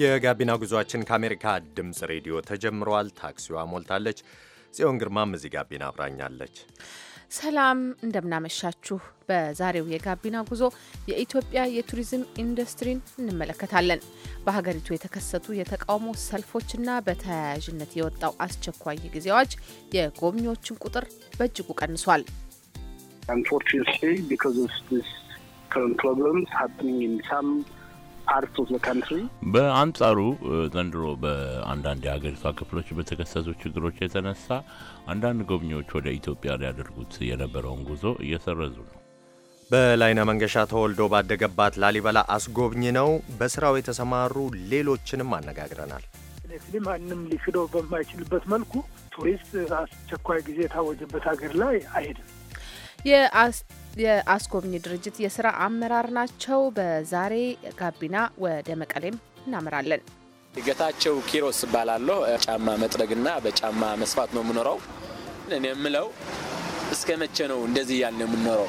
የጋቢና ጉዟችን ከአሜሪካ ድምፅ ሬዲዮ ተጀምሯል። ታክሲዋ ሞልታለች። ጽዮን ግርማም እዚህ ጋቢና አብራኛለች። ሰላም እንደምናመሻችሁ። በዛሬው የጋቢና ጉዞ የኢትዮጵያ የቱሪዝም ኢንዱስትሪን እንመለከታለን። በሀገሪቱ የተከሰቱ የተቃውሞ ሰልፎችና በተያያዥነት የወጣው አስቸኳይ ጊዜ አዋጅ የጎብኚዎችን ቁጥር በእጅጉ ቀንሷል። unfortunately because of this current problems happening in some በአንጻሩ ዘንድሮ በአንዳንድ የሀገሪቷ ክፍሎች በተከሰቱ ችግሮች የተነሳ አንዳንድ ጎብኚዎች ወደ ኢትዮጵያ ሊያደርጉት የነበረውን ጉዞ እየሰረዙ ነው። በላይነ መንገሻ ተወልዶ ባደገባት ላሊበላ አስጎብኝ ነው። በስራው የተሰማሩ ሌሎችንም አነጋግረናል። ሌክሊ ማንም ሊክደው በማይችልበት መልኩ ቱሪስት አስቸኳይ ጊዜ የታወጀበት ሀገር ላይ አይሄድም። የአስጎብኝ ድርጅት የስራ አመራር ናቸው። በዛሬ ጋቢና ወደ መቀሌም እናመራለን። ገታቸው ኪሮስ እባላለሁ። ጫማ መጥረግና በጫማ መስፋት ነው የምኖረው። እኔ የምለው እስከ መቼ ነው እንደዚህ እያልን የምንኖረው?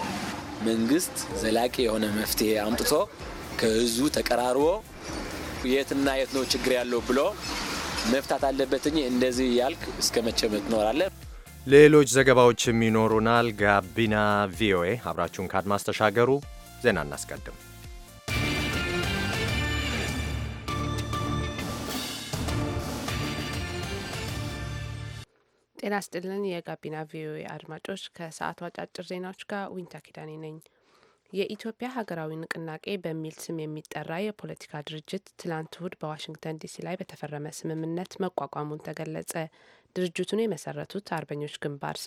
መንግስት ዘላቂ የሆነ መፍትሄ አምጥቶ ከህዝቡ ተቀራርቦ የትና የት ነው ችግር ያለው ብሎ መፍታት አለበት እንጂ እንደዚህ ያልክ እስከ መቼ ትኖራለህ? ሌሎች ዘገባዎች የሚኖሩናል። ጋቢና ቪኦኤ አብራችሁን ካድማስ ተሻገሩ። ዜና እናስቀድም። ጤና ስጥልን። የጋቢና ቪኦኤ አድማጮች፣ ከሰዓቱ አጫጭር ዜናዎች ጋር ዊንታ ኪዳኔ ነኝ። የኢትዮጵያ ሀገራዊ ንቅናቄ በሚል ስም የሚጠራ የፖለቲካ ድርጅት ትላንት እሁድ በዋሽንግተን ዲሲ ላይ በተፈረመ ስምምነት መቋቋሙን ተገለጸ። ድርጅቱን የመሰረቱት አርበኞች ግንባር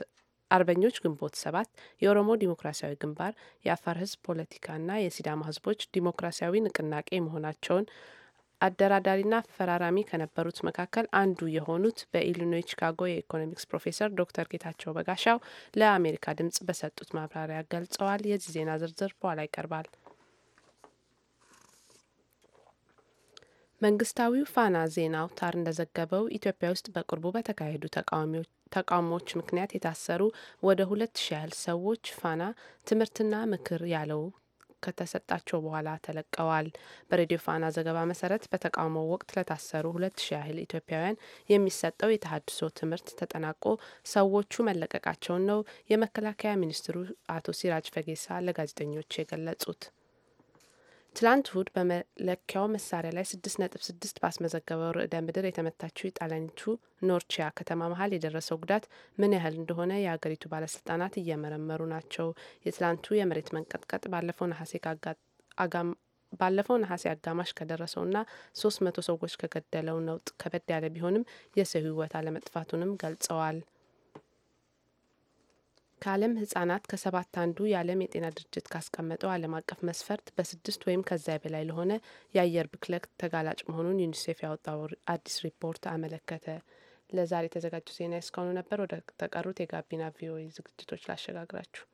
አርበኞች ግንቦት ሰባት፣ የኦሮሞ ዲሞክራሲያዊ ግንባር፣ የአፋር ህዝብ ፖለቲካና የሲዳማ ህዝቦች ዲሞክራሲያዊ ንቅናቄ መሆናቸውን አደራዳሪና ፈራራሚ ከነበሩት መካከል አንዱ የሆኑት በኢሊኖይ ቺካጎ የኢኮኖሚክስ ፕሮፌሰር ዶክተር ጌታቸው በጋሻው ለአሜሪካ ድምጽ በሰጡት ማብራሪያ ገልጸዋል። የዚህ ዜና ዝርዝር በኋላ ይቀርባል። መንግስታዊው ፋና ዜና አውታር እንደዘገበው ኢትዮጵያ ውስጥ በቅርቡ በተካሄዱ ተቃውሞዎች ምክንያት የታሰሩ ወደ ሁለት ሺ ያህል ሰዎች ፋና ትምህርትና ምክር ያለው ከተሰጣቸው በኋላ ተለቀዋል። በሬዲዮ ፋና ዘገባ መሰረት በተቃውሞ ወቅት ለታሰሩ ሁለት ሺ ያህል ኢትዮጵያውያን የሚሰጠው የተሀድሶ ትምህርት ተጠናቆ ሰዎቹ መለቀቃቸውን ነው የመከላከያ ሚኒስትሩ አቶ ሲራጅ ፈጌሳ ለጋዜጠኞች የገለጹት። ትላንት እሁድ በመለኪያው መሳሪያ ላይ ስድስት ነጥብ ስድስት ባስመዘገበው ርዕደ ምድር የተመታችው የጣሊያኒቱ ኖርቺያ ከተማ መሀል የደረሰው ጉዳት ምን ያህል እንደሆነ የሀገሪቱ ባለስልጣናት እየመረመሩ ናቸው። የትላንቱ የመሬት መንቀጥቀጥ ባለፈው ነሐሴ አጋም ባለፈው ነሐሴ አጋማሽ ከደረሰውና ሶስት መቶ ሰዎች ከገደለው ነውጥ ከበድ ያለ ቢሆንም የሰው ህይወት አለመጥፋቱንም ገልጸዋል። ከዓለም ህጻናት ከሰባት አንዱ የዓለም የጤና ድርጅት ካስቀመጠው ዓለም አቀፍ መስፈርት በስድስት ወይም ከዚያ በላይ ለሆነ የአየር ብክለት ተጋላጭ መሆኑን ዩኒሴፍ ያወጣው አዲስ ሪፖርት አመለከተ። ለዛሬ የተዘጋጀው ዜና እስካሁኑ ነበር። ወደ ተቀሩት የጋቢና ቪኦኤ ዝግጅቶች ላሸጋግራችሁ።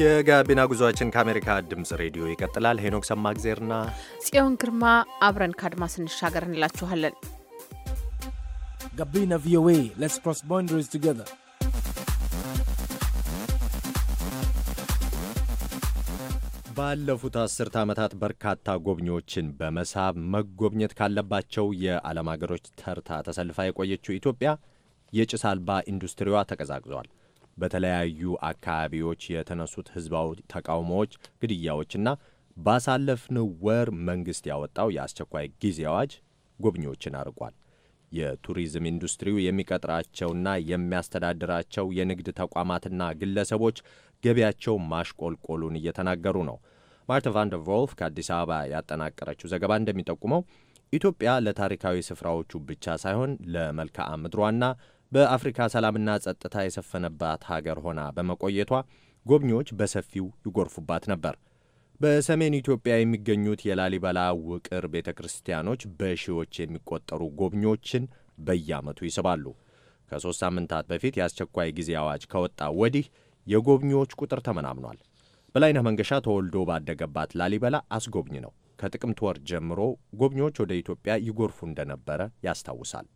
የጋቢና ጉዞችን ከአሜሪካ ድምፅ ሬዲዮ ይቀጥላል። ሄኖክ ሰማግዜርና ጽዮን ግርማ አብረን ከአድማስ እንሻገር እንላችኋለን። ጋቢና ቪኦኤ ሌትስ ክሮስ ቦንደሪስ ቱጌዘር ባለፉት አስርተ ዓመታት በርካታ ጎብኚዎችን በመሳብ መጎብኘት ካለባቸው የዓለም አገሮች ተርታ ተሰልፋ የቆየችው ኢትዮጵያ የጭስ አልባ ኢንዱስትሪዋ ተቀዛቅዟል። በተለያዩ አካባቢዎች የተነሱት ህዝባዊ ተቃውሞዎች፣ ግድያዎችና ባሳለፍነው ወር መንግስት ያወጣው የአስቸኳይ ጊዜ አዋጅ ጎብኚዎችን አርቋል። የቱሪዝም ኢንዱስትሪው የሚቀጥራቸውና የሚያስተዳድራቸው የንግድ ተቋማትና ግለሰቦች ገቢያቸው ማሽቆልቆሉን እየተናገሩ ነው። ማርተ ቫንደር ቮልፍ ከአዲስ አበባ ያጠናቀረችው ዘገባ እንደሚጠቁመው ኢትዮጵያ ለታሪካዊ ስፍራዎቹ ብቻ ሳይሆን ለመልክዓ ምድሯና በአፍሪካ ሰላምና ጸጥታ የሰፈነባት ሀገር ሆና በመቆየቷ ጎብኚዎች በሰፊው ይጎርፉባት ነበር። በሰሜን ኢትዮጵያ የሚገኙት የላሊበላ ውቅር ቤተ ክርስቲያኖች በሺዎች የሚቆጠሩ ጎብኚዎችን በየዓመቱ ይስባሉ። ከሦስት ሳምንታት በፊት የአስቸኳይ ጊዜ አዋጅ ከወጣ ወዲህ የጎብኚዎች ቁጥር ተመናምኗል። በላይነህ መንገሻ ተወልዶ ባደገባት ላሊበላ አስጎብኝ ነው። ከጥቅምት ወር ጀምሮ ጎብኚዎች ወደ ኢትዮጵያ ይጎርፉ እንደነበረ ያስታውሳል።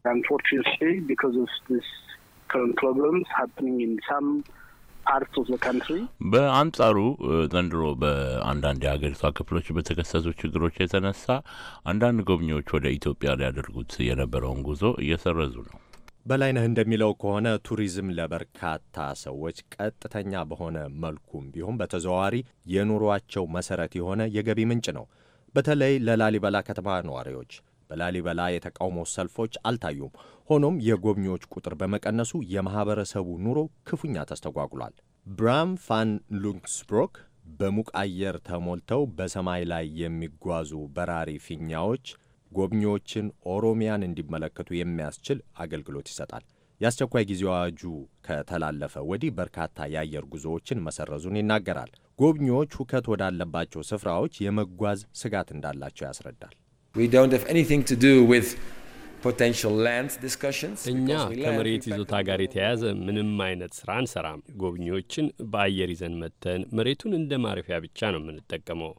በአንጻሩ ዘንድሮ በአንዳንድ የሀገሪቷ ክፍሎች በተከሰቱ ችግሮች የተነሳ አንዳንድ ጎብኚዎች ወደ ኢትዮጵያ ሊያደርጉት የነበረውን ጉዞ እየሰረዙ ነው። በላይነህ እንደሚለው ከሆነ ቱሪዝም ለበርካታ ሰዎች ቀጥተኛ በሆነ መልኩም ቢሆን በተዘዋዋሪ የኑሯቸው መሰረት የሆነ የገቢ ምንጭ ነው። በተለይ ለላሊበላ ከተማ ነዋሪዎች በላሊበላ የተቃውሞ ሰልፎች አልታዩም። ሆኖም የጎብኚዎች ቁጥር በመቀነሱ የማኅበረሰቡ ኑሮ ክፉኛ ተስተጓጉሏል። ብራም ፋን ሉንግስብሮክ በሙቅ አየር ተሞልተው በሰማይ ላይ የሚጓዙ በራሪ ፊኛዎች ጎብኚዎችን ኦሮሚያን እንዲመለከቱ የሚያስችል አገልግሎት ይሰጣል። የአስቸኳይ ጊዜ አዋጁ ከተላለፈ ወዲህ በርካታ የአየር ጉዞዎችን መሰረዙን ይናገራል። ጎብኚዎች ሁከት ወዳለባቸው ስፍራዎች የመጓዝ ስጋት እንዳላቸው ያስረዳል። እኛ ከመሬት ይዞታ ጋር የተያያዘ ምንም አይነት ስራ አንሰራም። ጎብኚዎችን በአየር ይዘን መጥተን መሬቱን እንደ ማረፊያ ብቻ ነው የምንጠቀመው።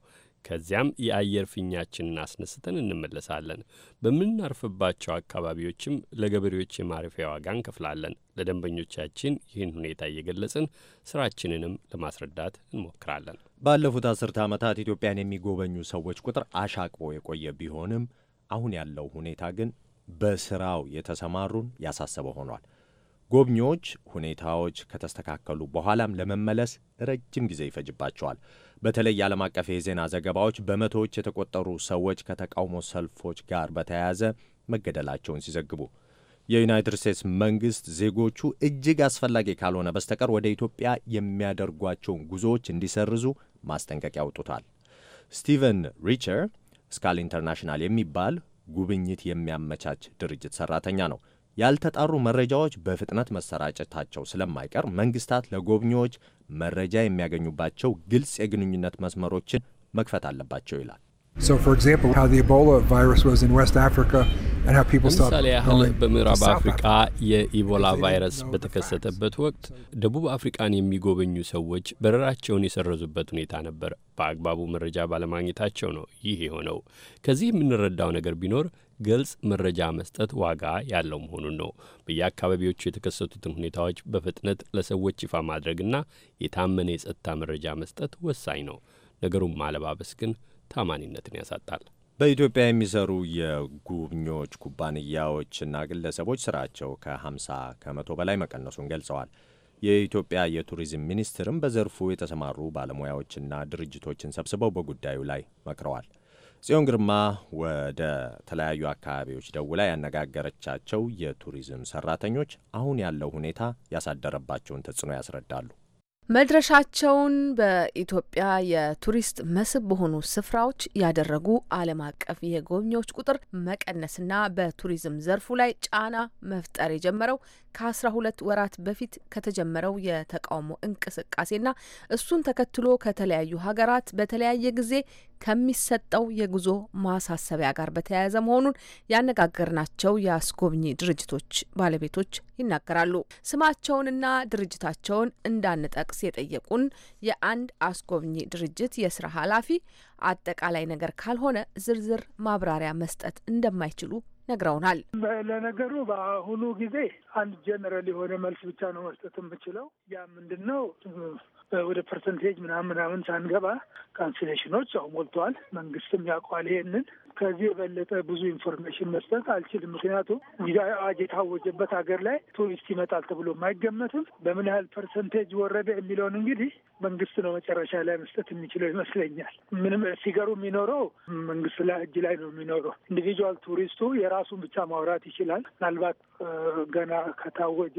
ከዚያም የአየር ፊኛችንን አስነስተን እንመለሳለን። በምናርፍባቸው አካባቢዎችም ለገበሬዎች የማረፊያ ዋጋ እንከፍላለን። ለደንበኞቻችን ይህን ሁኔታ እየገለጽን ስራችንንም ለማስረዳት እንሞክራለን። ባለፉት አስርተ ዓመታት ኢትዮጵያን የሚጎበኙ ሰዎች ቁጥር አሻቅቦ የቆየ ቢሆንም አሁን ያለው ሁኔታ ግን በስራው የተሰማሩን ያሳሰበ ሆኗል። ጎብኚዎች ሁኔታዎች ከተስተካከሉ በኋላም ለመመለስ ረጅም ጊዜ ይፈጅባቸዋል። በተለይ የዓለም አቀፍ የዜና ዘገባዎች በመቶዎች የተቆጠሩ ሰዎች ከተቃውሞ ሰልፎች ጋር በተያያዘ መገደላቸውን ሲዘግቡ፣ የዩናይትድ ስቴትስ መንግስት ዜጎቹ እጅግ አስፈላጊ ካልሆነ በስተቀር ወደ ኢትዮጵያ የሚያደርጓቸውን ጉዞዎች እንዲሰርዙ ማስጠንቀቂያ አውጥቷል። ስቲቨን ሪቸር ስካል ኢንተርናሽናል የሚባል ጉብኝት የሚያመቻች ድርጅት ሰራተኛ ነው። ያልተጣሩ መረጃዎች በፍጥነት መሰራጨታቸው ስለማይቀር መንግስታት ለጎብኚዎች መረጃ የሚያገኙባቸው ግልጽ የግንኙነት መስመሮችን መክፈት አለባቸው ይላል። ለምሳሌ ያህል በምዕራብ አፍሪቃ የኢቦላ ቫይረስ በተከሰተበት ወቅት ደቡብ አፍሪቃን የሚጎበኙ ሰዎች በረራቸውን የሰረዙበት ሁኔታ ነበር። በአግባቡ መረጃ ባለማግኘታቸው ነው ይህ የሆነው። ከዚህ የምንረዳው ነገር ቢኖር ግልጽ መረጃ መስጠት ዋጋ ያለው መሆኑን ነው። በየአካባቢዎቹ የተከሰቱትን ሁኔታዎች በፍጥነት ለሰዎች ይፋ ማድረግና የታመነ የጸጥታ መረጃ መስጠት ወሳኝ ነው። ነገሩን ማለባበስ ግን ታማኒነትን ያሳጣል። በኢትዮጵያ የሚሰሩ የጉብኚዎች ኩባንያዎችና ግለሰቦች ስራቸው ከ50 ከመቶ በላይ መቀነሱን ገልጸዋል። የኢትዮጵያ የቱሪዝም ሚኒስትርም በዘርፉ የተሰማሩ ባለሙያዎችና ድርጅቶችን ሰብስበው በጉዳዩ ላይ መክረዋል። ጽዮን ግርማ ወደ ተለያዩ አካባቢዎች ደውላ ያነጋገረቻቸው የቱሪዝም ሰራተኞች አሁን ያለው ሁኔታ ያሳደረባቸውን ተጽዕኖ ያስረዳሉ። መድረሻቸውን በኢትዮጵያ የቱሪስት መስህብ በሆኑ ስፍራዎች ያደረጉ ዓለም አቀፍ የጎብኚዎች ቁጥር መቀነስና በቱሪዝም ዘርፉ ላይ ጫና መፍጠር የጀመረው ከ ሁለት ወራት በፊት ከተጀመረው የተቃውሞ እንቅስቃሴና እሱን ተከትሎ ከተለያዩ ሀገራት በተለያየ ጊዜ ከሚሰጠው የጉዞ ማሳሰቢያ ጋር በተያያዘ መሆኑን ያነጋገርናቸው የአስጎብኚ ድርጅቶች ባለቤቶች ይናገራሉ። ስማቸውንና ድርጅታቸውን እንዳንጠቅስ የጠየቁን የአንድ አስጎብኚ ድርጅት የስራ ኃላፊ አጠቃላይ ነገር ካልሆነ ዝርዝር ማብራሪያ መስጠት እንደማይችሉ ነግረውናል። ለነገሩ በአሁኑ ጊዜ አንድ ጀነራል የሆነ መልስ ብቻ ነው መስጠት የምችለው። ያ ምንድን ነው ወደ ፐርሰንቴጅ ምናምን ምናምን ሳንገባ ካንስሌሽኖች ያው ሞልተዋል። መንግስትም ያውቀዋል ይሄንን ከዚህ የበለጠ ብዙ ኢንፎርሜሽን መስጠት አልችልም። ምክንያቱም አዋጅ የታወጀበት ሀገር ላይ ቱሪስት ይመጣል ተብሎ አይገመትም። በምን ያህል ፐርሰንቴጅ ወረደ የሚለውን እንግዲህ መንግስት ነው መጨረሻ ላይ መስጠት የሚችለው ይመስለኛል። ምንም ሲገሩ የሚኖረው መንግስት ላይ እጅ ላይ ነው የሚኖረው። ኢንዲቪጁዋል ቱሪስቱ የራሱን ብቻ ማውራት ይችላል። ምናልባት ገና ከታወጀ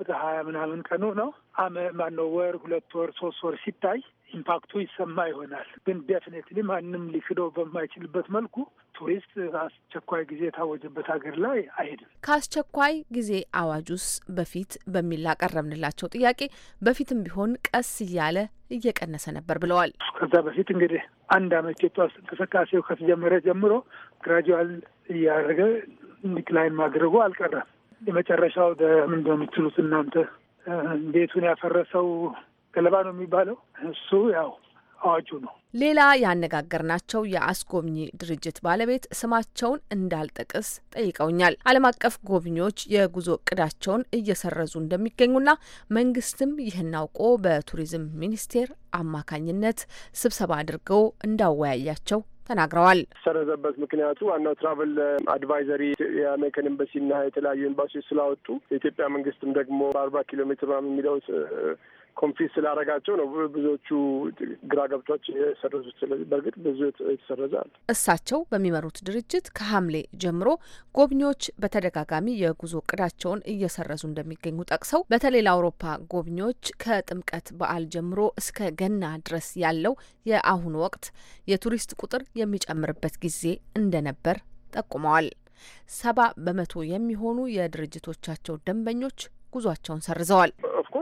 ወደ ሀያ ምናምን ቀኑ ነው አመ ማነው ወር ሁለት ወር ሶስት ወር ሲታይ ኢምፓክቱ ይሰማ ይሆናል። ግን ዴፊኔትሊ ማንም ሊክደው በማይችልበት መልኩ ቱሪስት አስቸኳይ ጊዜ የታወጀበት ሀገር ላይ አይሄድም። ከአስቸኳይ ጊዜ አዋጁስ በፊት በሚል ላቀረብንላቸው ጥያቄ በፊትም ቢሆን ቀስ እያለ እየቀነሰ ነበር ብለዋል። ከዛ በፊት እንግዲህ አንድ አመት ኢትዮጵያ ውስጥ እንቅስቃሴው ከተጀመረ ጀምሮ ግራጁዋል እያደረገ ዲክላይን ማድረጉ አልቀረም። የመጨረሻው ምንድን የምትሉት እናንተ? ቤቱን ያፈረሰው ገለባ ነው የሚባለው እሱ ያው አዋጁ ነው። ሌላ ያነጋገርናቸው የአስጎብኚ ድርጅት ባለቤት ስማቸውን እንዳልጠቅስ ጠይቀውኛል። ዓለም አቀፍ ጎብኚዎች የጉዞ እቅዳቸውን እየሰረዙ እንደሚገኙና መንግስትም ይህን አውቆ በቱሪዝም ሚኒስቴር አማካኝነት ስብሰባ አድርገው እንዳወያያቸው ተናግረዋል። ሰረዘበት ምክንያቱ ዋናው ትራቨል አድቫይዘሪ የአሜሪካን ኤምባሲና የተለያዩ ኤምባሲዎች ስላወጡ የኢትዮጵያ መንግስትም ደግሞ በአርባ ኪሎ ሜትር የሚለው ኮንፊዝ ስላደረጋቸው ነው ብዙዎቹ ግራ ገብቷች የሰረዙት። ስለዚህ በእርግጥ ብዙ የተሰረዘ አለ። እሳቸው በሚመሩት ድርጅት ከሐምሌ ጀምሮ ጎብኚዎች በተደጋጋሚ የጉዞ እቅዳቸውን እየሰረዙ እንደሚገኙ ጠቅሰው በተለይ ለአውሮፓ ጎብኚዎች ከጥምቀት በዓል ጀምሮ እስከ ገና ድረስ ያለው የአሁኑ ወቅት የቱሪስት ቁጥር የሚጨምርበት ጊዜ እንደነበር ጠቁመዋል። ሰባ በመቶ የሚሆኑ የድርጅቶቻቸው ደንበኞች ጉዟቸውን ሰርዘዋል።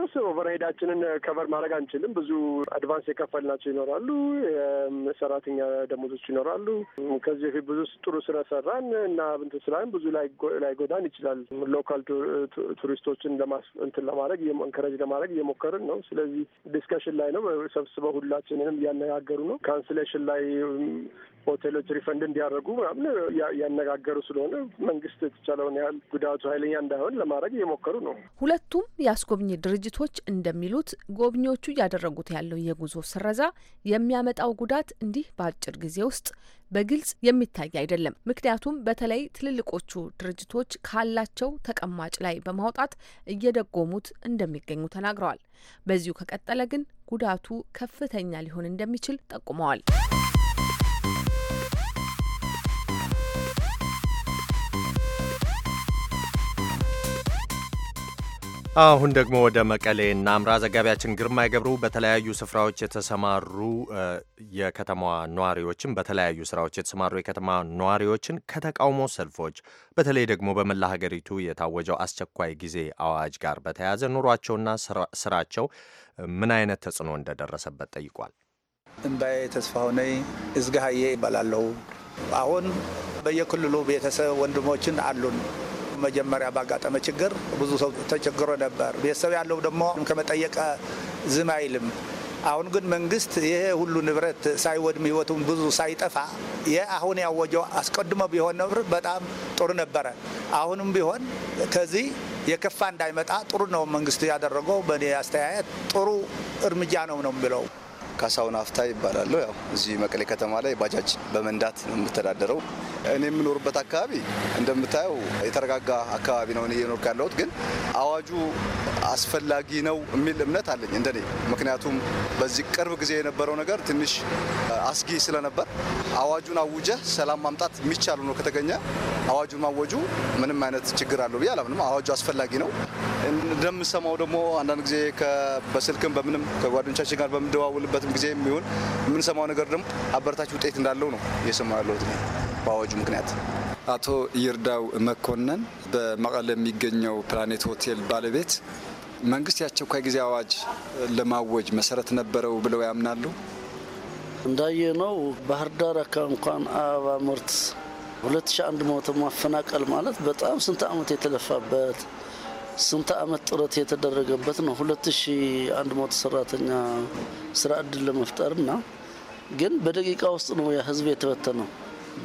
ድረስ ኦቨርሄዳችንን ከቨር ማድረግ አንችልም። ብዙ አድቫንስ የከፈልናቸው ይኖራሉ፣ ሰራተኛ ደሞዞች ይኖራሉ። ከዚህ በፊት ብዙ ጥሩ ስለሰራን እና እንትን ስላለን ብዙ ላይጎዳን ይችላል። ሎካል ቱሪስቶችን እንትን ለማድረግ እንከረጅ ለማድረግ እየሞከርን ነው። ስለዚህ ዲስከሽን ላይ ነው። ሰብስበው ሁላችንንም እያነጋገሩ ነው። ካንስሌሽን ላይ ሆቴሎች ሪፈንድ እንዲያደርጉ ምናምን ያነጋገሩ ስለሆነ መንግስት የተቻለውን ያህል ጉዳቱ ኃይለኛ እንዳይሆን ለማድረግ እየሞከሩ ነው። ሁለቱም የአስጎብኝ ድርጅት ሳይንቲስቶች እንደሚሉት ጎብኚዎቹ እያደረጉት ያለው የጉዞ ስረዛ የሚያመጣው ጉዳት እንዲህ በአጭር ጊዜ ውስጥ በግልጽ የሚታይ አይደለም። ምክንያቱም በተለይ ትልልቆቹ ድርጅቶች ካላቸው ተቀማጭ ላይ በማውጣት እየደጎሙት እንደሚገኙ ተናግረዋል። በዚሁ ከቀጠለ ግን ጉዳቱ ከፍተኛ ሊሆን እንደሚችል ጠቁመዋል። አሁን ደግሞ ወደ መቀሌ እናምራ። ዘጋቢያችን ግርማ ገብሩ በተለያዩ ስፍራዎች የተሰማሩ የከተማዋ ነዋሪዎችን በተለያዩ ስራዎች የተሰማሩ የከተማ ነዋሪዎችን ከተቃውሞ ሰልፎች በተለይ ደግሞ በመላ ሀገሪቱ የታወጀው አስቸኳይ ጊዜ አዋጅ ጋር በተያያዘ ኑሯቸውና ስራቸው ምን አይነት ተጽዕኖ እንደደረሰበት ጠይቋል። እምባዬ ተስፋሁኔ እዝጋሀዬ ይባላለሁ። አሁን በየክልሉ ቤተሰብ ወንድሞችን አሉን መጀመሪያ ባጋጠመ ችግር ብዙ ሰው ተቸግሮ ነበር። ቤተሰብ ያለው ደግሞ ከመጠየቀ ዝም አይልም። አሁን ግን መንግስት ይሄ ሁሉ ንብረት ሳይወድም ህይወቱን ብዙ ሳይጠፋ ይህ አሁን ያወጀው አስቀድሞ ቢሆን ነብር በጣም ጥሩ ነበረ። አሁንም ቢሆን ከዚህ የከፋ እንዳይመጣ ጥሩ ነው መንግስት ያደረገው። በእኔ አስተያየት ጥሩ እርምጃ ነው ነው የሚለው። ካሳሁን አፍታ ይባላለሁ። ያው እዚህ መቀሌ ከተማ ላይ ባጃጅ በመንዳት ነው የምተዳደረው። እኔ የምኖርበት አካባቢ እንደምታየው የተረጋጋ አካባቢ ነው እየኖርኩ ያለሁት። ግን አዋጁ አስፈላጊ ነው የሚል እምነት አለኝ እንደኔ። ምክንያቱም በዚህ ቅርብ ጊዜ የነበረው ነገር ትንሽ አስጊ ስለነበር አዋጁን አውጀህ ሰላም ማምጣት የሚቻሉ ነው ከተገኘ አዋጁን ማወጁ ምንም አይነት ችግር አለው ብዬ አላምንም። አዋጁ አስፈላጊ ነው። እንደምሰማው ደግሞ አንዳንድ ጊዜ በስልክም በምንም ከጓደኞቻችን ጋር በምንደዋውልበትም ጊዜ የሚሆን የምንሰማው ነገር ደግሞ አበረታች ውጤት እንዳለው ነው እየሰማ ያለሁት። በአዋጁ ምክንያት። አቶ ይርዳው መኮንን በመቀለ የሚገኘው ፕላኔት ሆቴል ባለቤት መንግስት የአስቸኳይ ጊዜ አዋጅ ለማወጅ መሰረት ነበረው ብለው ያምናሉ? ነው ባህር ዳር እንኳን አበባ ምርት 2001 ሞተ ማፈናቀል ማለት በጣም ስንት ዓመት የተለፋበት ስንት ዓመት ጥረት የተደረገበት ነው። 2001 ሞተ ሰራተኛ ስራ እድል ለመፍጠርና ግን በደቂቃ ውስጥ ነው ያ ህዝብ የተበተነው።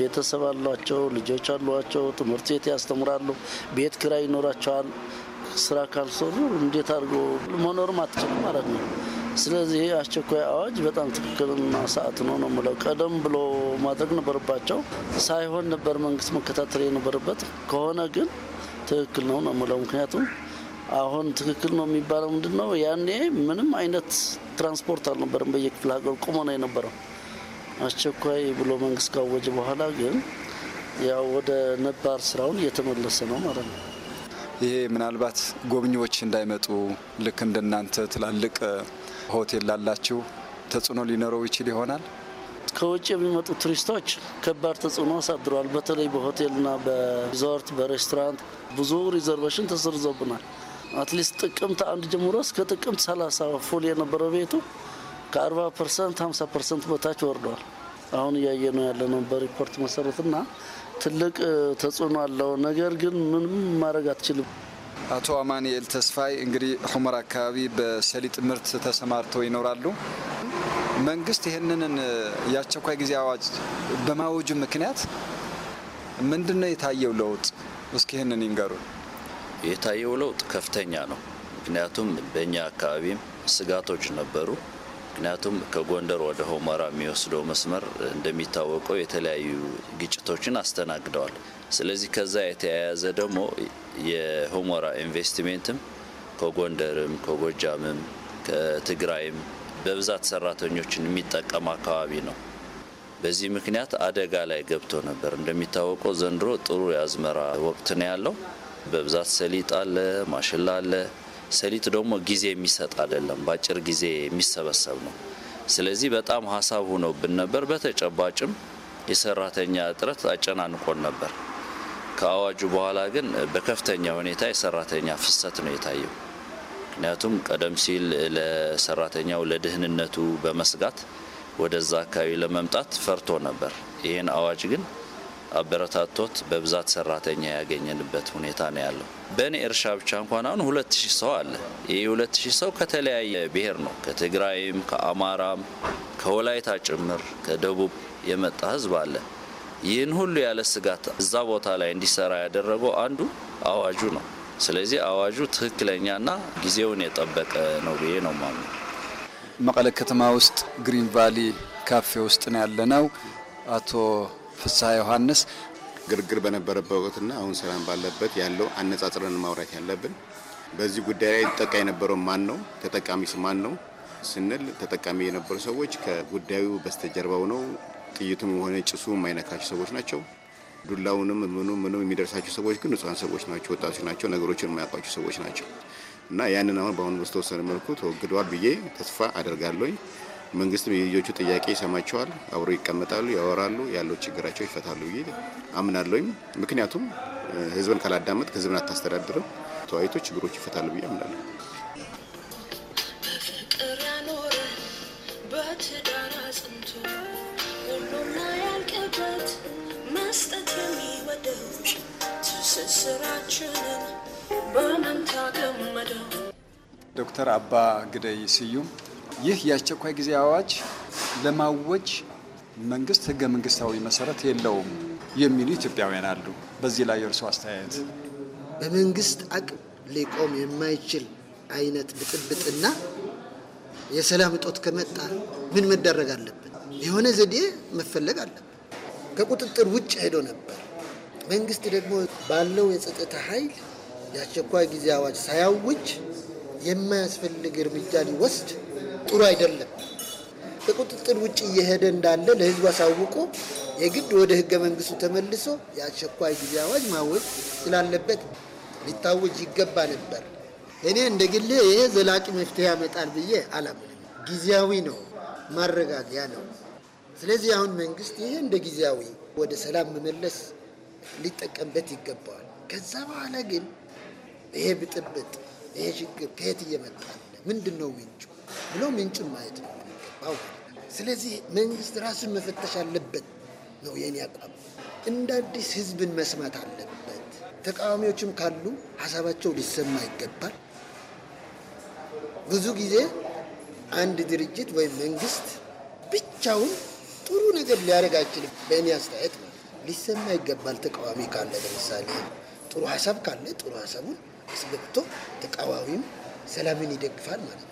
ቤተሰብ አሏቸው፣ ልጆች አሏቸው፣ ትምህርት ቤት ያስተምራሉ፣ ቤት ክራ ይኖራቸዋል። ስራ ካልሰሩ እንዴት አድርጎ መኖርም አትችልም ማለት ነው። ስለዚህ አስቸኳይ አዋጅ በጣም ትክክልና ሰዓት ነው ነው ምለው። ቀደም ብሎ ማድረግ ነበረባቸው ሳይሆን ነበር መንግስት መከታተል የነበረበት ከሆነ ግን ትክክል ነው ነው ምለው። ምክንያቱም አሁን ትክክል ነው የሚባለው ምንድን ነው? ያኔ ምንም አይነት ትራንስፖርት አልነበረም። በየክፍለ ሀገር ቁሞ ነው የነበረው። አስቸኳይ ብሎ መንግስት ካወጀ በኋላ ግን ያው ወደ ነባር ስራውን እየተመለሰ ነው ማለት ነው። ይሄ ምናልባት ጎብኚዎች እንዳይመጡ ልክ እንደናንተ ትላልቅ ሆቴል ላላችሁ ተጽዕኖ ሊኖረው ይችል ይሆናል። ከውጭ የሚመጡ ቱሪስቶች ከባድ ተጽዕኖ አሳድረዋል። በተለይ በሆቴልና በሪዞርት በሬስቶራንት ብዙ ሪዘርቬሽን ተሰርዞብናል። አትሊስት ጥቅምት አንድ ጀምሮ እስከ ጥቅምት ሰላሳ ፉል የነበረው ቤቱ ከ ፐርሰንት ሀምሳ ፐርሰንት በታች ወርዷል። አሁን እያየ ነው ያለ ነው በሪፖርት መሰረትና ትልቅ ተጽዕኖ አለው። ነገር ግን ምንም ማድረግ አትችልም። አቶ አማንኤል ተስፋይ እንግዲህ ሁመር አካባቢ በሰሊጥ ምርት ተሰማርተው ይኖራሉ። መንግስት ይህንን የአስቸኳይ ጊዜ አዋጅ በማወጁ ምክንያት ምንድን ነው የታየው ለውጥ? እስኪ ይህንን ይንገሩ። የታየው ለውጥ ከፍተኛ ነው። ምክንያቱም በእኛ አካባቢም ስጋቶች ነበሩ። ምክንያቱም ከጎንደር ወደ ሆመራ የሚወስደው መስመር እንደሚታወቀው የተለያዩ ግጭቶችን አስተናግደዋል። ስለዚህ ከዛ የተያያዘ ደግሞ የሆሞራ ኢንቨስትሜንትም ከጎንደርም ከጎጃምም ከትግራይም በብዛት ሰራተኞችን የሚጠቀም አካባቢ ነው። በዚህ ምክንያት አደጋ ላይ ገብቶ ነበር። እንደሚታወቀው ዘንድሮ ጥሩ የአዝመራ ወቅት ነው ያለው። በብዛት ሰሊጥ አለ፣ ማሽላ አለ። ሰሊጥ ደግሞ ጊዜ የሚሰጥ አይደለም፣ በአጭር ጊዜ የሚሰበሰብ ነው። ስለዚህ በጣም ሀሳብ ሆኖብን ነበር። በተጨባጭም የሰራተኛ እጥረት አጨናንቆን ነበር። ከአዋጁ በኋላ ግን በከፍተኛ ሁኔታ የሰራተኛ ፍሰት ነው የታየው። ምክንያቱም ቀደም ሲል ለሰራተኛው ለድህንነቱ በመስጋት ወደዛ አካባቢ ለመምጣት ፈርቶ ነበር። ይህን አዋጅ ግን አበረታቶት በብዛት ሰራተኛ ያገኘንበት ሁኔታ ነው ያለው። በእኔ እርሻ ብቻ እንኳን አሁን ሁለት ሺህ ሰው አለ። ይህ ሁለት ሺህ ሰው ከተለያየ ብሔር ነው። ከትግራይም፣ ከአማራም፣ ከወላይታ ጭምር ከደቡብ የመጣ ህዝብ አለ። ይህን ሁሉ ያለ ስጋት እዛ ቦታ ላይ እንዲሰራ ያደረገው አንዱ አዋጁ ነው። ስለዚህ አዋጁ ትክክለኛና ጊዜውን የጠበቀ ነው ብዬ ነው ማምነው። መቀለ ከተማ ውስጥ ግሪን ቫሊ ካፌ ውስጥ ነው ያለነው አቶ ፍስሐ ዮሐንስ ግርግር በነበረበት ወቅትና አሁን ሰላም ባለበት ያለው አነጻጽረን ማውራት ያለብን በዚህ ጉዳይ ላይ ተጠቃ የነበረው ማን ነው? ተጠቃሚስ ማን ነው ስንል ተጠቃሚ የነበሩ ሰዎች ከጉዳዩ በስተጀርባው ነው ጥይቱም ሆነ ጭሱ የማይነካቸው ሰዎች ናቸው። ዱላውንም ምኑ ምኑ የሚደርሳቸው ሰዎች ግን ንጹሐን ሰዎች ናቸው፣ ወጣቶች ናቸው፣ ነገሮችን የማያውቋቸው ሰዎች ናቸው እና ያንን አሁን በአሁኑ በስተወሰነ መልኩ ተወግደዋል ብዬ ተስፋ አደርጋለኝ። መንግስትም የልጆቹ ጥያቄ ይሰማቸዋል፣ አብሮ ይቀመጣሉ፣ ያወራሉ፣ ያለው ችግራቸው ይፈታሉ ብዬ አምናለሁኝ። ምክንያቱም ህዝብን ካላዳመጥ ህዝብን አታስተዳድርም። ተዋይቶ ችግሮች ይፈታሉ ብዬ አምናለሁ። ዶክተር አባ ግደይ ስዩም ይህ የአስቸኳይ ጊዜ አዋጅ ለማወጅ መንግስት ህገ መንግስታዊ መሰረት የለውም የሚሉ ኢትዮጵያውያን አሉ። በዚህ ላይ የእርስዎ አስተያየት? በመንግስት አቅም ሊቆም የማይችል አይነት ብጥብጥና የሰላም እጦት ከመጣ ምን መደረግ አለብን? የሆነ ዘዴ መፈለግ አለብን። ከቁጥጥር ውጭ ሄዶ ነበር። መንግስት ደግሞ ባለው የጸጥታ ኃይል የአስቸኳይ ጊዜ አዋጅ ሳያውጅ የማያስፈልግ እርምጃ ሊወስድ ጥሩ አይደለም። ከቁጥጥር ውጭ እየሄደ እንዳለ ለህዝቡ አሳውቆ የግድ ወደ ህገ መንግስቱ ተመልሶ የአስቸኳይ ጊዜ አዋጅ ማወጅ ስላለበት ሊታወጅ ይገባ ነበር። እኔ እንደ ግሌ ይሄ ዘላቂ መፍትሄ ያመጣል ብዬ አላምንም። ጊዜያዊ ነው፣ ማረጋጊያ ነው። ስለዚህ አሁን መንግስት ይሄ እንደ ጊዜያዊ ወደ ሰላም መመለስ ሊጠቀምበት ይገባዋል። ከዛ በኋላ ግን ይሄ ብጥብጥ፣ ይሄ ችግር ከየት እየመጣ ምንድን ነው ምንጩ? ብሎ ምንጭ ማየት ነው ስለዚህ መንግስት ራሱን መፈተሽ አለበት ነው የኔ አቋም። እንደ አዲስ ህዝብን መስማት አለበት። ተቃዋሚዎችም ካሉ ሀሳባቸው ሊሰማ ይገባል። ብዙ ጊዜ አንድ ድርጅት ወይም መንግስት ብቻውን ጥሩ ነገር ሊያደርግ አይችልም። በእኔ አስተያየት ሊሰማ ይገባል። ተቃዋሚ ካለ ለምሳሌ ጥሩ ሀሳብ ካለ ጥሩ ሀሳቡን አስገብቶ ተቃዋሚም ሰላምን ይደግፋል ማለት ነው።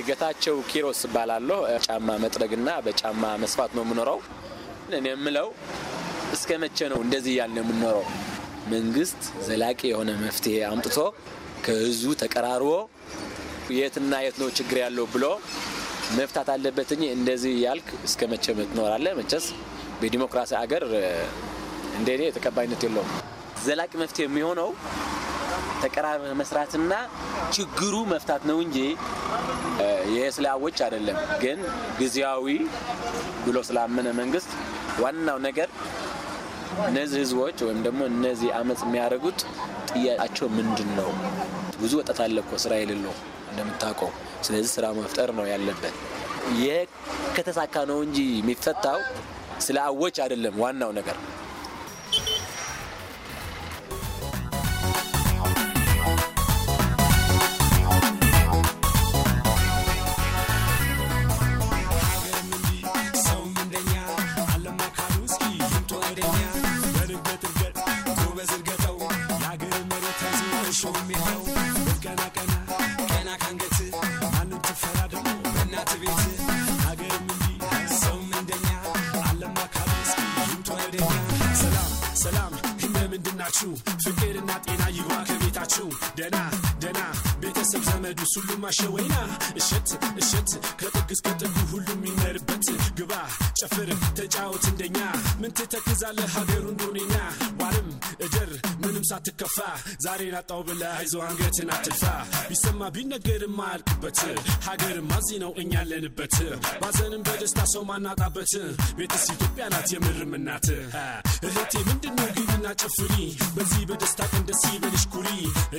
እገታቸው ኪሮስ እባላለሁ። ጫማ መጥረግና በጫማ መስፋት ነው የምኖረው። እኔ የምለው እስከ መቼ ነው እንደዚህ እያልን የምንኖረው? መንግስት ዘላቂ የሆነ መፍትሄ አምጥቶ ከህዝቡ ተቀራርቦ የትና የት ነው ችግር ያለው ብሎ መፍታት አለበት እንጂ እንደዚህ እያልክ እስከ መቼ ትኖራለህ? መቼስ በዲሞክራሲ አገር እንደኔ ተቀባይነት የለውም። ዘላቂ መፍትሄ የሚሆነው ተቀራርበህ መስራትና ችግሩ መፍታት ነው እንጂ የስላዎች አይደለም። ግን ጊዜያዊ ብሎ ስላመነ መንግስት ዋናው ነገር እነዚህ ህዝቦች ወይም ደግሞ እነዚህ አመፅ የሚያደርጉት ጥያቸው ምንድን ነው? ብዙ ወጣት አለ እኮ ስራ የሌለው እንደምታውቀው። ስለዚህ ስራ መፍጠር ነው ያለበት። ይህ ከተሳካ ነው እንጂ የሚፈታው ስለ አወች አይደለም ዋናው ነገር ትተክዛለህ ሀገሩን ዱኒና ቧልም እድር ምንም ሳትከፋ ዛሬን አጣው ብለ አይዞ አንገትን አትልፋ ቢሰማ ቢነገር ማያልቅበት ሀገርም ማዚ ነው እኛ ያለንበት ባዘንም በደስታ ሰው ማናጣበት ቤትስ ኢትዮጵያ ናት የምርም እናት እህቴ ምንድነው ግቢና ጨፍሪ በዚህ በደስታ ቀን ደስ ይበልሽ ኩሪ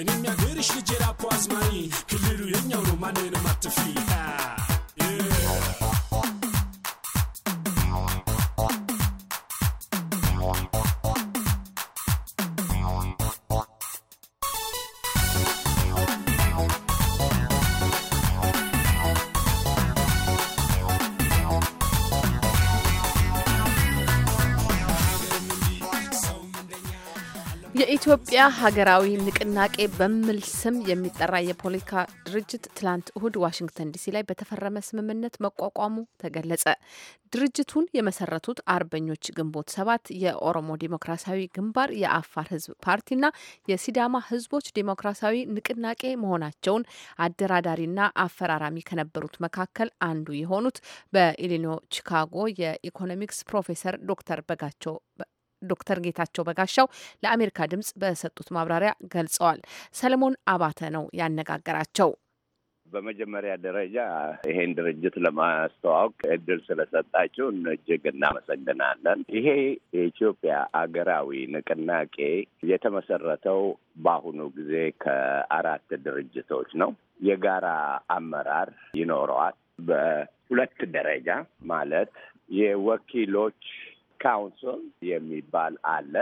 እኔም ያገርሽ ልጅ የራፖ አዝማሪ ክልሉ የኛው ነው ማንንም አትፍሪ የኢትዮጵያ ሀገራዊ ንቅናቄ በሚል ስም የሚጠራ የፖለቲካ ድርጅት ትላንት እሁድ ዋሽንግተን ዲሲ ላይ በተፈረመ ስምምነት መቋቋሙ ተገለጸ። ድርጅቱን የመሰረቱት አርበኞች ግንቦት ሰባት፣ የኦሮሞ ዴሞክራሲያዊ ግንባር፣ የአፋር ፓርቲ ፓርቲና የሲዳማ ህዝቦች ዴሞክራሲያዊ ንቅናቄ መሆናቸውን አደራዳሪና አፈራራሚ ከነበሩት መካከል አንዱ የሆኑት በኢሊኖ ቺካጎ የኢኮኖሚክስ ፕሮፌሰር ዶክተር በጋቸው ዶክተር ጌታቸው በጋሻው ለአሜሪካ ድምጽ በሰጡት ማብራሪያ ገልጸዋል። ሰለሞን አባተ ነው ያነጋገራቸው። በመጀመሪያ ደረጃ ይሄን ድርጅት ለማስተዋወቅ እድል ስለሰጣችሁን እጅግ እናመሰግናለን። ይሄ የኢትዮጵያ አገራዊ ንቅናቄ የተመሰረተው በአሁኑ ጊዜ ከአራት ድርጅቶች ነው። የጋራ አመራር ይኖረዋል በሁለት ደረጃ ማለት የወኪሎች ካውንስል የሚባል አለ።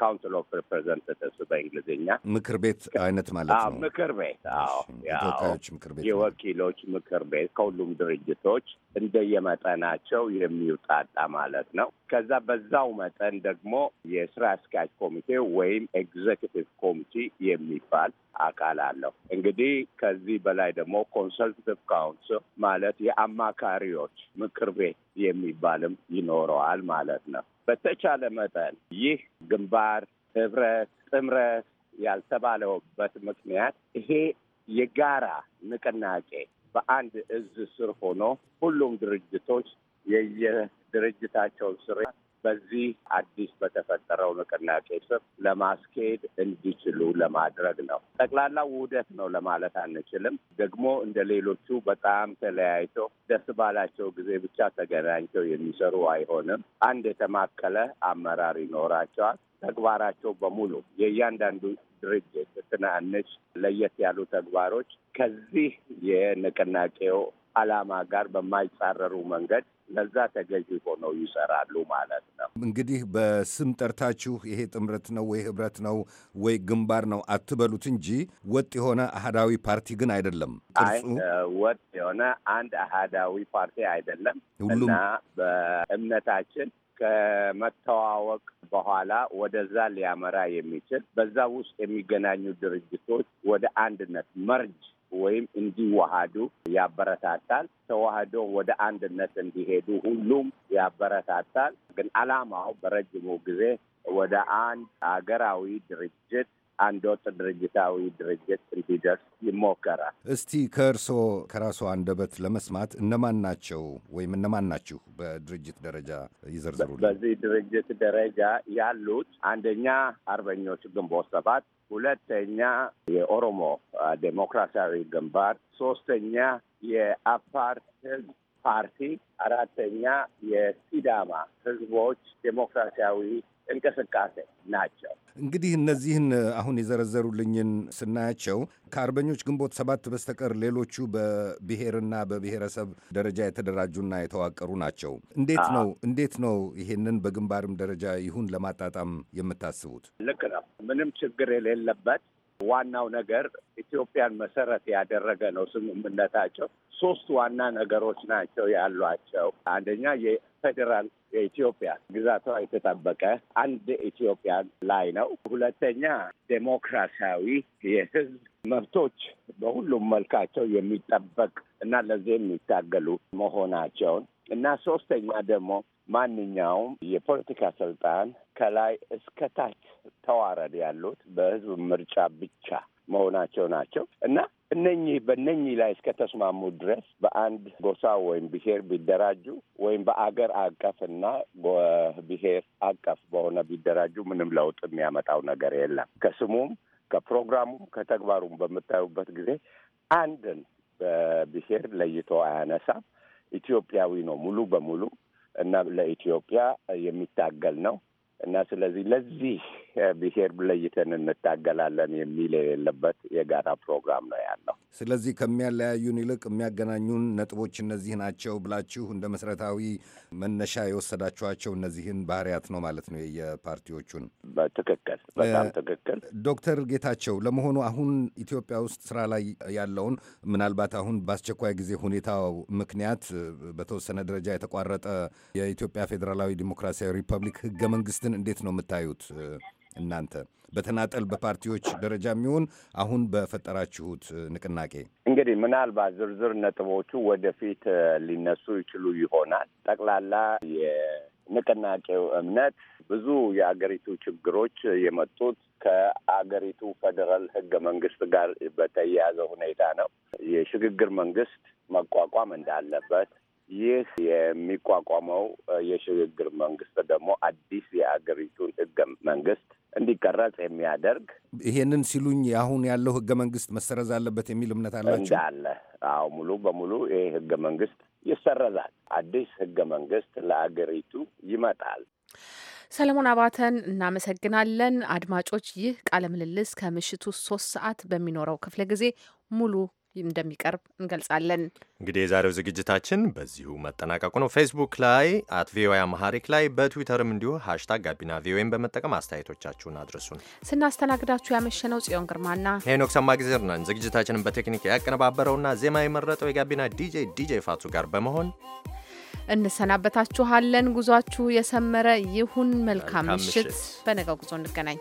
ካውንስል ኦፍ ሪፕሬዘንታቲቭስ በእንግሊዝኛ ምክር ቤት አይነት ማለት ነው። ምክር ቤት ተወካዮች ምክር ቤት፣ የወኪሎች ምክር ቤት ከሁሉም ድርጅቶች እንደየመጠናቸው የሚውጣጣ ማለት ነው። ከዛ በዛው መጠን ደግሞ የስራ አስኪያጅ ኮሚቴ ወይም ኤግዜኪቲቭ ኮሚቴ የሚባል አካል አለው። እንግዲህ ከዚህ በላይ ደግሞ ኮንሰልቲቭ ካውንስል ማለት የአማካሪዎች ምክር ቤት የሚባልም ይኖረዋል ማለት ነው። በተቻለ መጠን ይህ ግንባር፣ ህብረት፣ ጥምረት ያልተባለበት ምክንያት ይሄ የጋራ ንቅናቄ በአንድ እዝ ስር ሆኖ ሁሉም ድርጅቶች የየድርጅታቸው ስር በዚህ አዲስ በተፈጠረው ንቅናቄ ስር ለማስኬድ እንዲችሉ ለማድረግ ነው። ጠቅላላ ውህደት ነው ለማለት አንችልም። ደግሞ እንደ ሌሎቹ በጣም ተለያይተው ደስ ባላቸው ጊዜ ብቻ ተገናኝተው የሚሰሩ አይሆንም። አንድ የተማከለ አመራር ይኖራቸዋል። ተግባራቸው በሙሉ የእያንዳንዱ ድርጅት ትናንሽ ለየት ያሉ ተግባሮች ከዚህ የንቅናቄው ዓላማ ጋር በማይጻረሩ መንገድ ለዛ ተገዥ ሆነው ይሰራሉ ማለት ነው። እንግዲህ በስም ጠርታችሁ ይሄ ጥምረት ነው ወይ ህብረት ነው ወይ ግንባር ነው አትበሉት እንጂ ወጥ የሆነ አህዳዊ ፓርቲ ግን አይደለም። ቅርጹ ወጥ የሆነ አንድ አህዳዊ ፓርቲ አይደለም እና በእምነታችን ከመተዋወቅ በኋላ ወደዛ ሊያመራ የሚችል በዛ ውስጥ የሚገናኙ ድርጅቶች ወደ አንድነት መርጅ ወይም እንዲዋሃዱ ያበረታታል። ተዋህዶ ወደ አንድነት እንዲሄዱ ሁሉም ያበረታታል። ግን አላማው በረጅሙ ጊዜ ወደ አንድ አገራዊ ድርጅት አንድ ወጥ ድርጅታዊ ድርጅት እንዲደርስ ይሞከራል። እስቲ ከእርስዎ ከራሱ አንደበት ለመስማት እነማን ናቸው ወይም እነማን ናችሁ በድርጅት ደረጃ ይዘርዝሩ። በዚህ ድርጅት ደረጃ ያሉት አንደኛ አርበኞች ግንቦት ሰባት ሁለተኛ የኦሮሞ ዴሞክራሲያዊ ግንባር፣ ሶስተኛ የአፋር ህዝብ ፓርቲ፣ አራተኛ የሲዳማ ህዝቦች ዴሞክራሲያዊ እንቅስቃሴ ናቸው። እንግዲህ እነዚህን አሁን የዘረዘሩልኝን ስናያቸው ከአርበኞች ግንቦት ሰባት በስተቀር ሌሎቹ በብሔርና በብሔረሰብ ደረጃ የተደራጁና የተዋቀሩ ናቸው። እንዴት ነው እንዴት ነው ይሄንን በግንባርም ደረጃ ይሁን ለማጣጣም የምታስቡት? ልክ ነው። ምንም ችግር የሌለበት ዋናው ነገር ኢትዮጵያን መሰረት ያደረገ ነው ስምምነታቸው። ሶስት ዋና ነገሮች ናቸው ያሏቸው። አንደኛ የፌዴራል የኢትዮጵያ ግዛቷ የተጠበቀ አንድ ኢትዮጵያ ላይ ነው። ሁለተኛ ዴሞክራሲያዊ የህዝብ መብቶች በሁሉም መልካቸው የሚጠበቅ እና ለዚህ የሚታገሉ መሆናቸውን እና ሶስተኛ ደግሞ ማንኛውም የፖለቲካ ስልጣን ከላይ እስከ ታች ተዋረድ ያሉት በህዝብ ምርጫ ብቻ መሆናቸው ናቸው እና እነኚህ በእነኚህ ላይ እስከተስማሙ ድረስ በአንድ ጎሳ ወይም ብሔር ቢደራጁ ወይም በአገር አቀፍ እና በብሔር አቀፍ በሆነ ቢደራጁ ምንም ለውጥ የሚያመጣው ነገር የለም። ከስሙም ከፕሮግራሙም ከተግባሩም በምታዩበት ጊዜ አንድን በብሔር ለይቶ አያነሳም። ኢትዮጵያዊ ነው ሙሉ በሙሉ እና ለኢትዮጵያ የሚታገል ነው። እና ስለዚህ ለዚህ ብሔር ለይተን እንታገላለን የሚል የሌለበት የጋራ ፕሮግራም ነው ያለው። ስለዚህ ከሚያለያዩን ይልቅ የሚያገናኙን ነጥቦች እነዚህ ናቸው ብላችሁ እንደ መሰረታዊ መነሻ የወሰዳችኋቸው እነዚህን ባህሪያት ነው ማለት ነው የፓርቲዎቹን። ትክክል፣ በጣም ትክክል። ዶክተር ጌታቸው ለመሆኑ አሁን ኢትዮጵያ ውስጥ ስራ ላይ ያለውን ምናልባት አሁን በአስቸኳይ ጊዜ ሁኔታው ምክንያት በተወሰነ ደረጃ የተቋረጠ የኢትዮጵያ ፌዴራላዊ ዲሞክራሲያዊ ሪፐብሊክ ህገ መንግስት መንግስትን እንዴት ነው የምታዩት እናንተ በተናጠል በፓርቲዎች ደረጃ የሚሆን አሁን በፈጠራችሁት ንቅናቄ? እንግዲህ ምናልባት ዝርዝር ነጥቦቹ ወደፊት ሊነሱ ይችሉ ይሆናል። ጠቅላላ የንቅናቄው እምነት ብዙ የአገሪቱ ችግሮች የመጡት ከአገሪቱ ፌዴራል ህገ መንግስት ጋር በተያያዘ ሁኔታ ነው። የሽግግር መንግስት መቋቋም እንዳለበት ይህ የሚቋቋመው የሽግግር መንግስት ደግሞ አዲስ የአገሪቱን ህገ መንግስት እንዲቀረጽ የሚያደርግ ይሄንን ሲሉኝ አሁን ያለው ህገ መንግስት መሰረዝ አለበት የሚል እምነት አላቸው እንዳለ? አዎ ሙሉ በሙሉ ይህ ህገ መንግስት ይሰረዛል። አዲስ ህገ መንግስት ለአገሪቱ ይመጣል። ሰለሞን አባተን እናመሰግናለን። አድማጮች፣ ይህ ቃለ ምልልስ ከምሽቱ ሶስት ሰዓት በሚኖረው ክፍለ ጊዜ ሙሉ እንደሚቀርብ እንገልጻለን። እንግዲህ የዛሬው ዝግጅታችን በዚሁ መጠናቀቁ ነው። ፌስቡክ ላይ አት ቪኦኤ አማሃሪክ ላይ በትዊተርም እንዲሁ ሀሽታግ ጋቢና ቪኦኤን በመጠቀም አስተያየቶቻችሁን አድርሱን። ስናስተናግዳችሁ ያመሸነው ጽዮን ግርማና ሄኖክ ጊዜር ነን። ዝግጅታችንን በቴክኒክ ያቀነባበረውና ዜማ የመረጠው የጋቢና ዲጄ ዲጄ ፋቱ ጋር በመሆን እንሰናበታችኋለን። ጉዟችሁ የሰመረ ይሁን። መልካም ምሽት። በነገው ጉዞ እንገናኝ።